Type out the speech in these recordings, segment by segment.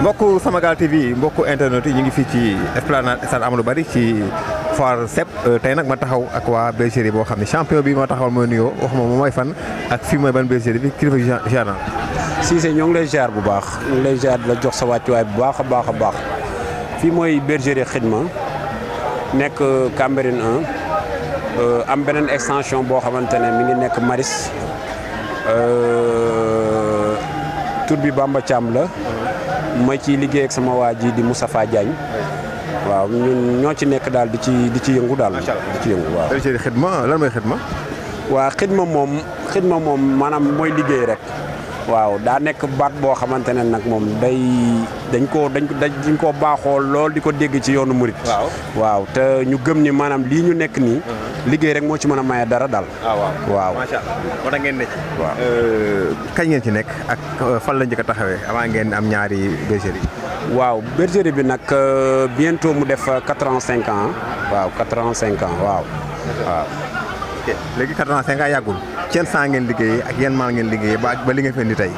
mbokku gal TV mbokku internet yi ngi fi ci esplanade stade Amadou Barry ci far sep eh, tay nak ma taxaw ak wa bergerie bo xamni champion bi ma taxaw mo nuyo wax ma moom fan ak fi moy ban bergerie bi kilifa jardin. si ñoo ñong lay ziar bu baax ñu lay ziar la jox sa way bu baax baax baax fi moy bergerie Xidma nek cambrin 1 euh, am benen extension bo xamantene mi ngi nek Maris euh, tour bi Bamba cham la ma ci liggéey ak sama waji di Moustapha Diagne. waaw ñun ñoo ci nekk daal di ci di ci yëngu daal. di ci yëngu waaw. xidma lan mooy xidma. waa xidma moom xidma moom maanaam mooy liggéey rek. waaw daa nekk baat boo xamante ne nag moom day dañ koo dañ dañ koo baaxoo lool di ko dégg ci yoonu murit waaw te ñu gëm ni maanaam lii ñu nekk nii mhm. liggéey rek moo ci mën a maye dara daal ah, waaw macha allah ngeen ne ci euh, kañ ngeen ci nekk ak euh, fan la njëkk a taxawee avant ngeen am ñaari bergerie yi waaw bergerie bi nag euh, biento mu def quatre ans cinq ans waaw quatre ans cinq ans waaw léegi quatre ans cinq ans yàggul seen sang ngeen liggéey ak yan maal ngeen liggéeyee ba ba li nga fendi tey.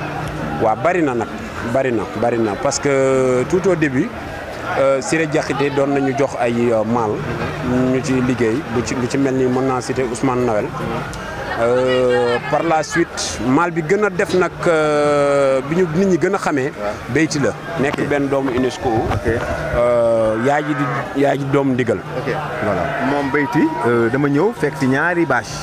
waa bari na nag bari na bari na parce que euh, tout au début Siré euh, Diakhaté doon ñu jox ay euh, maal. Mhm. ñu ci liggéey bu ci lu ci mel ni mën naa citer Ousmane Nawel. Euh, par la suite mal bi gëna def euh, nit ñi la nek ben doomu UNESCO. la euh, yaaji di yaaji dom digal voilà moom béyti dama ñëw fekk ci ñaari bâche.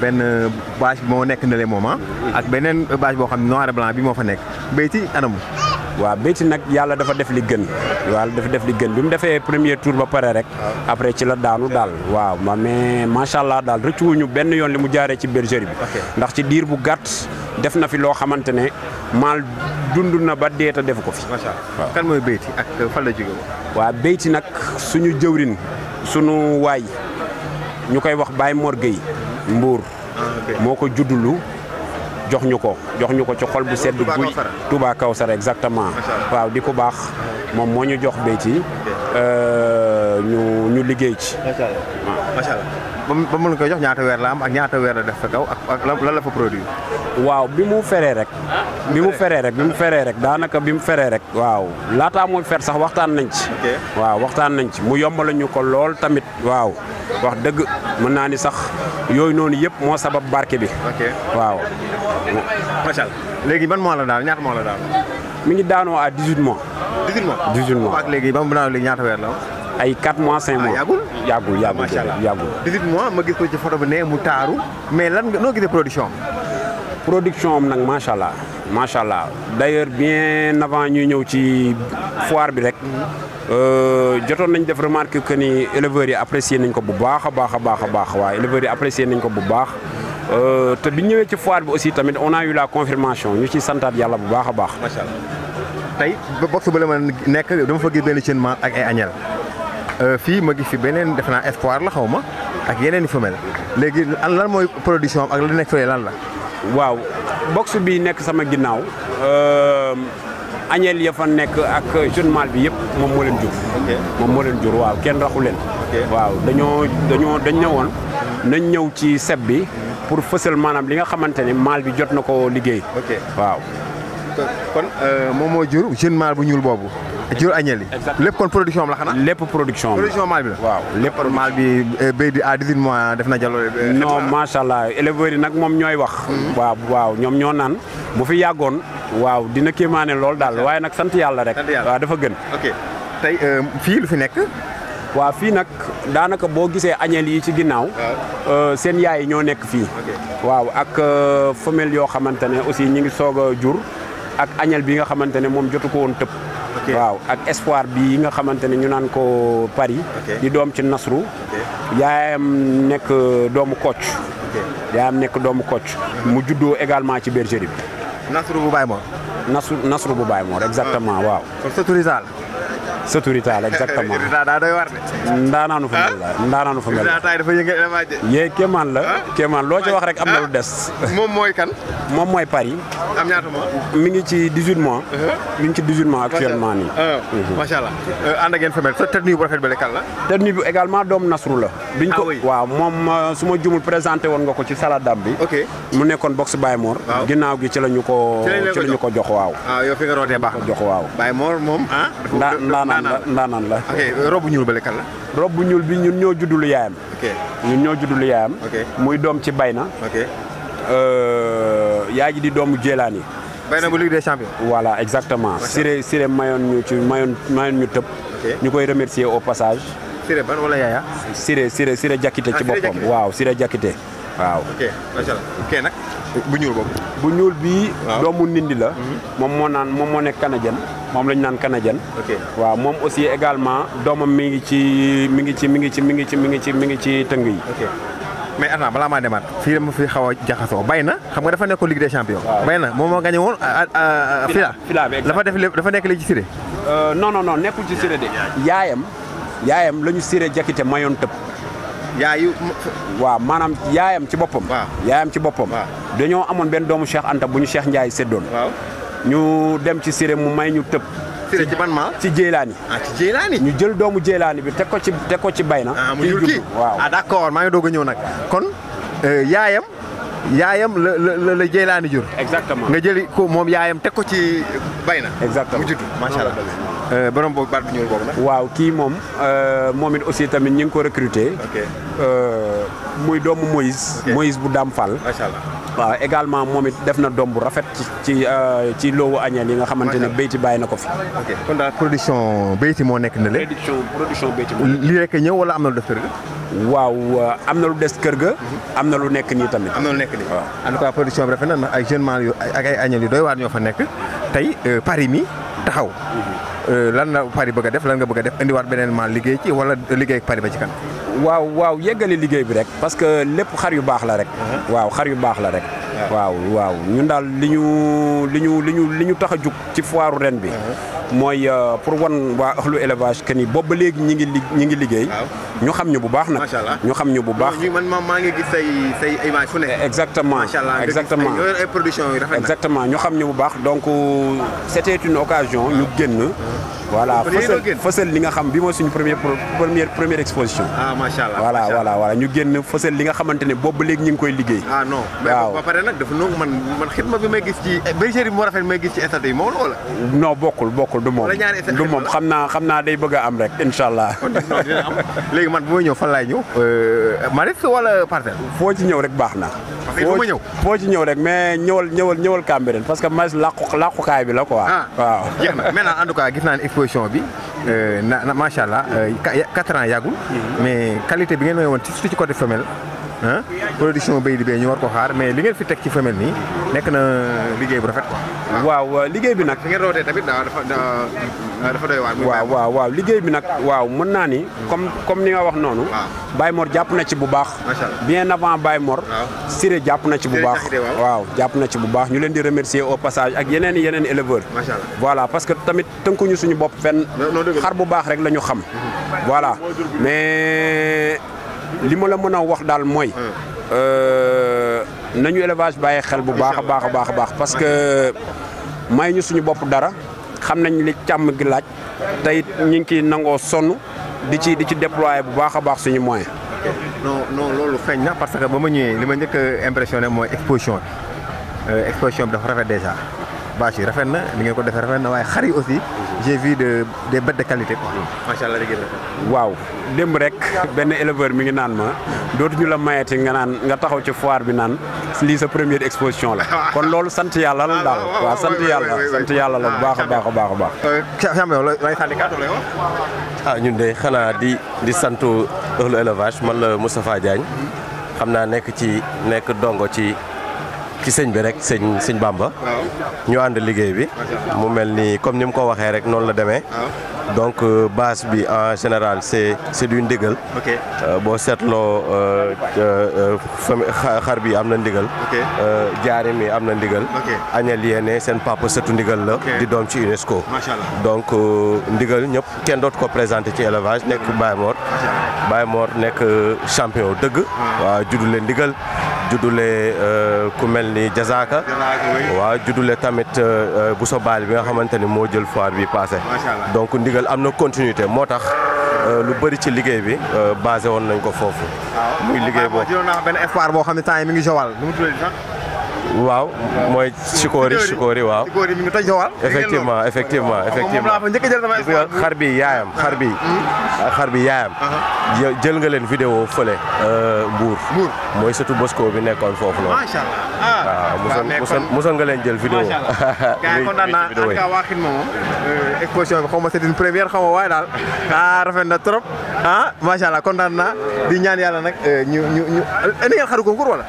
ben na moment. ak benen bâche noir et blanc bi fa waaw béyti nag yàlla dafa def li gën yàlla dafa def li gën bi mu defee premier tour ba pare rek après ci la daanu daal waaw ma mais macha allah daal rëccuwuñu benn yoon li mu jaaree ci bergerie bi ndax ci diir bu gàtt def na fi loo xamante ne maal dund na ba deeta def ko fi waaw kan mooy béyti ak fan la jóge nag suñu jëwrin suñu waay ñu koy wax baay Mor Gueye mbuur ah, moo ko juddulu jox ñu ko jox ñu ko ci xol bu sedd guy Touba Kawsara exactement waaw di ku baax moom moo ñu jox béyti euh, ñu ñu liggéey ci macha allah ba mu la koy jox ñaata weer la am ak ñaata weer la def fa kaw ak lan la fa produit waaw bi mu feree rek bi mu feree rek bi mu feree rek daanaka bi mu feree rek waaw laataa mooy fer sax waxtaan nañ ci waaw waxtaan nañ ci mu yombal lañu ko lool tamit waaw wax dëgg mën naa ni sax yooyu noonu yëpp moo sabab barke bi. waaw. macha allah léegi ban mois la daal ñaata mois la daal. mi ngi daanoo à 18 mois. 18 mois moo mois ak léegi ba mu naan léegi ñaata weer la ay 4 mois 5 mois ah, yàggul yàggul yàggul macha allah yàggul ma gis ko ci photo bi ne mu taaru mais lan nga noo gisee production production am nag macha allah. macha d'ailleurs bien avant ñuy ñëw ci foire bi rek euh jotoon nañ def remarque que ni éleveurs yi apprécier nañ ko bu baaxa baaxa baaxa baax a baax éleveurs yi apprécier nañ ko bu baax euh te bi ñëwee ci foire bi aussi tamit on a eu la confirmation ñu ci santat yalla bu baaxa baax. macha tay tey box ba la ma nekk dama fa gis benn cin ak ay agnel euh fi ma gis fi beneen def na espoir la xawma ak yeneen i femelles léegi lan moy production ak la nek fële lan la. waaw box bi nekk sama ginnaaw euh, añeel ya fa nekk ak jeune mâle bi yëpp moom moo leen jur moom moo leen jur waaw kenn raxu leen waaw dañoo dañoo dañ ne woon nañ ñëw ci seb bi pour fësal maanaam li nga xamante ni mâle bi jot na ko liggéey waaw kon euh, moom moo jur jeune mâle bu ñuul boobu jur añeel yi. lépp kon production am xanaa. lépp production am production maal bi la. waaw lépp maal bi euh, béy di à 18 def na jaloore. Euh, non macha allah éleveurs yi nag moom ñooy wax. Mm-hmm. waaw waaw ñoom ñoo naan bu fi yàggoon. waaw dina kéemaane lool daal waaye nag sant yàlla rek. waaw dafa gën. ok tey euh, fii lu fi nekk. waaw fii nag daanaka boo gisee añeel yi ci ginnaaw. seen yaay yi ñoo nekk fii. waaw ak femelle yoo xamante ne aussi ñi ngi soog a jur. ak añeel bi nga xamante ne moom jotu ko woon tëb. waaw ak espoir bii yi nga xamante ne ñu naan ko Paris. di doom ci nasru euh, yaayam nekk doomu Kocc. yaayam nekk doomu Kocc. mu juddoo également ci bergerie bi. Nasrou bu Baye Mor. Nasrou Nasrou bu baay Mor exactement waaw. kon sëtu Rita la exactement daa doy war de. ndaanaanu fa mel ah? la ndaanaanu fa mel yee ah? Kéemaan loo ci ah? wax rek am na lu des. moom mooy kan. moom mooy Paris. am ñaata mois. mi ngi ci 18 mois. mi ngi ci 18 mois actuellement nii. macha allah mhm. euh, ànd ak yéen femelle sa tenue bu rafet bële kan la. tenue bi également doomu Nasru la. duñ ko waaw moom su ma jumul présenté woon nga ko ci daam bi. ok mu nekkoon box Baye Mor. waaw ginnaaw gi ci la ñu ko. ci la ñu ko jox waaw. waaw yow fi nga rootee la ndaanaan la. ok rob bu ñuul bële kan la. rob bu ñuul bi ñun ñoo juddul yaayam. ñun ñoo juddul yaayam. muy doom ci bay na. Euh, yaa ji di doomu Jéelaan yi. bay exactement. Siré Siré mayoon ñu ñu tëb. ñu koy remercier au passage. Siré ban wala Jakite ci ah, boppam waaw Siré Jakite waaw. ok macha allah bu ñuul bi doomu nindi la. Mhm. moom moo naan moom moo nekk moom la ñu naan canadien. waaw moom aussi également doomam mi ngi ci mi ngi ci mi ngi ci mi ngi ci mi ngi ci mi ngi ci tëng mais attends balaa maa demaat fii dama fi xawa jaxasoo bay na xam nga defa nekkoon Ligue des champions. bay na moom moo gagné woon. Euh, euh, fila fila bi dafa def dafa nekk li ci Siré. Euh, non non non nekkul ci Siré de. yaayam yaayam lañu sire Siré jakite mayoon tëb. yaayu. waaw maanaam yaayam ci boppam. yaayam ci boppam. dañoo amoon benn doomu Cheikh Anta bu ñu Cheikh Ndiaye séddoon. ñu dem ci Siré mu may ñu tëb. Siré ci ban ma ci Jéelaani. Ah, ñu jël doomu Jéelaani bi teg ko ci teg ko ci bay na. Ah, mu waaw ah, accord maa ngi doog a ñëw nag kon euh, yaayam. yaayam la la la jëlaani jur. exactement nga jëli ko moom yaayam teg ko ci bay na. exactement mu juddu macha allah. Euh, borom boobu baat bi waaw kii moom euh, moom it aussi tamit ñi ngi ko recruter. ok muy doomu Moïse. Moïse bu Daam Fall. macha allah. waaw également moom it def na doom bu rafet ci ci euh, loowu añeel yi nga xamante ne béyti bàyyi na ko fi. ok kon daal production béyti moo nekk na le production production béyti ñëw wala am na lu def kër ga. Euh, am na lu des kër ga. am na lu nekk nii tamit. am na nekk nii waaw. en tout cas production bi rafet na ndax ay jeunement yu ak ay añeel yu doy waar ñoo fa nekk tey euh, Paris mi. taxaw euh, lan la Paris bëgg a def lan nga bëgg a def indiwaat beneen maa liggéey ci wala liggéey ak Paris ba ci kan. waaw waaw yeggali liggéey bi rek parce que lépp xar yu baax la rek. Uh-huh. waaw xar yu baax la rek. waaw waaw ñun daal li ñu li ñu li ñu li ñu tax a jug ci foiru ren bi. Uh-huh. moy euh, pour won wa axlu élevage que ni boobu ba ñi ngi ñi ngi liggéey. ñu xam ñu bu baax nak ñu xam ñu bu baax. ñu man ma ngi gis say say image fu nek exactement exactement ay production yu rafet na exactement ñu xam ñu bu baax donc euh, c'était une occasion ñu génn. voilà fësal fësal li nga xam bi mooy suñu première première première exposition. ah machallah voilà voilà voilà ñu génn fësal li nga xamante bobu légui ñi ngi koy liggéey. ah non mais ba pare nak dafa man man xitma bi may gis ci bergerie bi moo rafet may gis ci état yi mo loola. non bokul bokul bokkul du moom du moom xam naa xam naa day bëgg am rek incha allah. léegi man bu may ñëw fan laay ñëw. Euh, Maristes wala Parcelles. foo ci ñëw rek baax na. foo ci ñëw rek mais ñëwal ñëwal ñëwal Cambérène parce que Maristes làqu làqukaay bi la quoi. Ah. en tout cas gis naa ne exposition bi. Euh, na macha allah euh, quatre ans yàggul. Mhm. mais qualité bi ngeen may woon surtout ci côté ah production béy di bee ñu war ko xaar mais li ngeen fi teg ci femelle nii nekk na liggéey bu rafet. waaw liggéey bi nag. fi ngeen tamit dafa dafa doy waar. waaw waaw waaw liggéey bi nag waaw mën naa ni. comme comme ni nga wax noonu. waaw ah. Baye jàpp na ci bu baax. bien avant Baye Mor. waaw ah. Siré jàpp na ci bu baax. waaw jàpp na ci bu baax ñu leen di remercier au passage ak yeneen yeneen éleveurs. macha allah voilà parce que tamit tënkuñu suñu bopp fenn. xar bu baax rek la ñu xam. Mhm. voilà mais. li ma la mën a wax daal mooy. Hmm. Euh, nañu élevage bàyyi xel bu baax a baax a baax a baax parce que may ñu suñu bopp dara xam nañ li càmm gi laaj tey it ñu ngi ciy nangoo sonn di ci di ci déployer bu baax a baax suñu moyen. non non loolu feeñ na parce que ba ma ñëwee li ma njëkk impressionné mooy exposition bi euh, exposition bi dafa rafet déjà. bâche yi rafet na li ngeen ko defee rafet na waaye xar yi aussi mhm. j'ai vu de des de qualité quoi. Mhm. macha allah waaw démb rek benn éleveur mi ngi naan ma dootuñu la mayati nga naan nga taxaw ci foire bi naan lii sa exposition la kon loolu sant yàlla la daal ah, waaw sant yàlla sant yàlla la bu baax a baax a baax a baax. champion lay sànni kàddu lay wax. ah ñun de xanaa di di sant ëllu élevage man la Moustapha Diagne xam naa nekk ci nekk dongo ci. ci sëñ bi rek sëñ sëñ Bamba. ñu ànd liggéey bi. mu ni comme ni mu ko waxee rek noonu la demee. donc euh, base bi en général c'est c'est du ndigal. Euh, boo seetloo euh, xar bi am na ndigal. Ok. mi am na ndigal. añal yéene seen papa sëtu ndigal la. di doom ci UNESCO. donc ndigal ñëpp kenn dootu ko présenté ci élevage nek mm. Baye Mor. Baye Mor nek champion dëgg. Ah. waaw juddu leen ndigal. juddule euh, ku mel ni Jazaaka. waaw juddule tamit euh, euh, bu so baal bi nga xamante ni moo jël foire bi passé donc ndigal am na continuité moo tax lu bëri ci liggéey bi basé woon nañ ko foofu. muy liggéey bo waaw mooy sikoori sikoori waaw. sikoori mi ngi toj Joal. effectivement effectivement effectivement xar bi yaayam xar bi hmm. ah, xar bi yaayam. Uh-huh. jël nga leen vidéo fële. Euh, Mbour. Mbour mooy surtout Bosco bi nekkoon foofu noonu. macha allah ah. waaw musoon musoon nga leen jël vidéo. gaa yi kontaan naa en tout cas waa xin moom euh, exposition bi xaw ma c'est une première xaw ma waaye daal ah rafet na trop ah macha allah kontaan naa di ñaan yàlla nag euh, ñu ñu ñu indi ngeen xaru concours wala.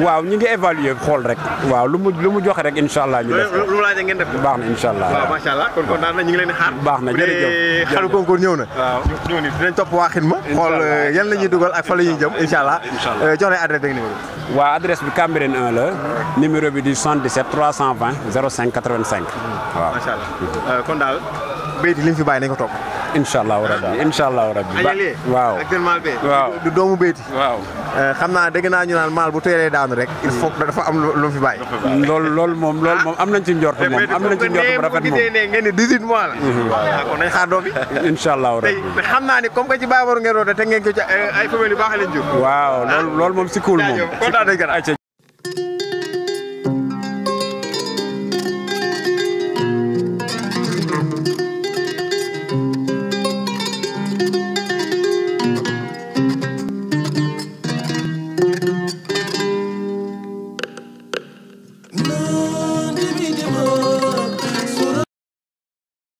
waaw ñu ngi évaluer xool rek. waaw lu mu mu joxe rek incha allah ñu def lu laaj ngeen def ko. baax na incha allah waaw macha allah kon leen di xaar. baax na jërëjëf bu dee xaru concours ñëw na. waaw ñëw na dinañ topp waa Xidma. xool eh, yan la ñuy dugal ak fa la ñuy jëm incha allah. incha allah eh, jox leen adresse beeg bi. waaw adresse bi Cambérène 1 la. numéro bi di 77 320 05 85. waaw macha allah eh, kon daal béykat yi li mu fi bàyyi nañ ko topp incha allahu rabbi incha allahu rabbi waaw actuellement bee waaw du doomu béyti eh, xam naa dégg naa ñu naan maal bu teelee daanu rek il faut dafa am lu fi bàyyi loolu lool moom loolu moom am nañ ci njort eh, moom am nañ ci njort bu rafet moom ngeen ni 18 mois la kon mm-hmm. doom bi incha rabbi tey xam naa ni comme que ci baabaru ngeen roote te ngeen ko ci eh, ay femelle baax lañ jur waaw loolu loolu moom si kuul moom